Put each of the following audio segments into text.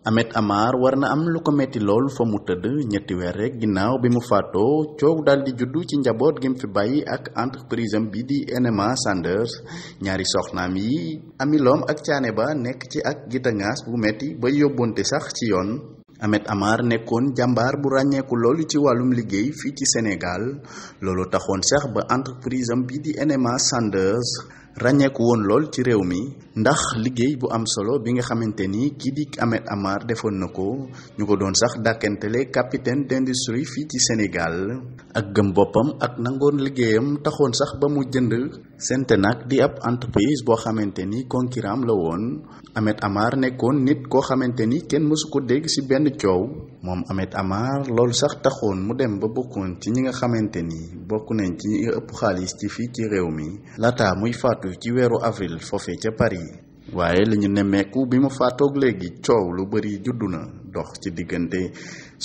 Amet Amar war na am lu ko metti lool fa mu tëdd ñetti weer rek ginnaaw bi mu fàttoo coow daal di juddu ci njaboot gi mu fi bàyyi ak entreprise am bi di NMA Sanders ñaari soxnaam yi amiloom Lom ak Thiané Ba nekk ci ak gitangaas bu metti ba yóbbonte sax ci yoon Ahmed Amar nekkoon jàmbaar bu ràññeeku loolu ci wàllum liggéey fii ci Sénégal loolu taxoon sax ba entreprise am bii di NMA Sanders ràññeeku woon lool ci réew mi ndax liggéey bu am solo bi nga xamante ni kii di Ahmed Amar defoon na ko ñu ko doon sax dàkkantele capitaine d'industrie fii ci Sénégal ak gëm boppam ak nangoon liggéeyam taxoon sax ba mu jënd nag di ab entreprise boo xamante ni concurrent la woon Ahmed Amar nekkoon nit koo xamante ni kenn mësu ko dégg ci benn coow moom Ameth Amar loolu sax taxoon mu dem ba bokkoon ci ñi nga xamante ni bokk nañ ci ñi ëpp xaalis ci fii ci réew mi laata muy faatu ci weeru avril foofee ca Paris waaye li nemmeeku bi mu faatoog léegi coow lu bari juddu na dox ci diggante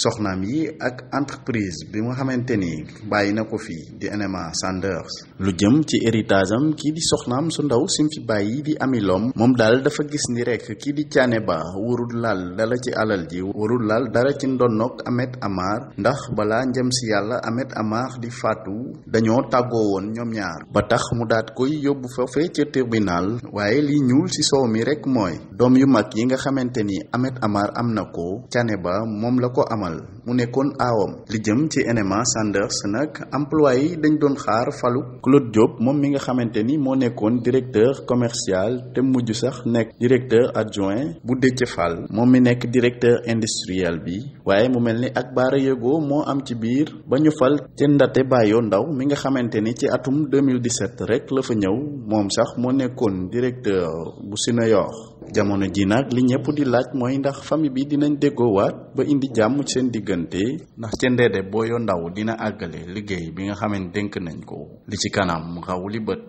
soxnaam yi ak entreprise bi nga xamante ni bàyyi na ko fii di NMA Sanders lu jëm ci héritage am kii di soxnaam su ndaw sim fi bàyyi di Amy Lom moom daal dafa gis ni rek kii di Thiané Ba warul laal dala ci alal ji warul laal dara ci ndonnoog Amet Amar ndax balaa njëm si yàlla Amet Amar di fàttu dañoo tàggoo woon ñoom ñaar ba tax mu daat koy yóbbu foofee ca tribunal waaye li ñuul si soow mi rek mooy doom yu mag yi nga xamante ni Sango Caneba moom la ko amal mu nekkoon aawam li jëm ci NMA Sanders nag emploi yi dañ doon xaar falu Claude Diop moom mi nga xamante ni moo nekkoon directeur commercial te mujj sax nekk directeur adjoint bu Déthié Fall moom mi nekk directeur industriel bi waaye mu mel ni ak Baara Yego moo am ci biir ba ñu fal te Ndate Bayo Ndaw mi nga xamante ni ci atum 2017 rek la fa ñëw moom sax moo nekkoon directeur bu Sinayor jamono ji nag li ñëpp di laaj mooy ndax famille bi dinañ déggoowaat ba indi jàmm seen diggante ndax ca Ndédé Boyo Ndao dina àggale liggéey bi nga xamee dénk nañ ko li ci kanam raw li bët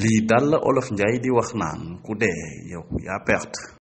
lii dal la Olof Njaay di wax naan ku dee yow yaa perte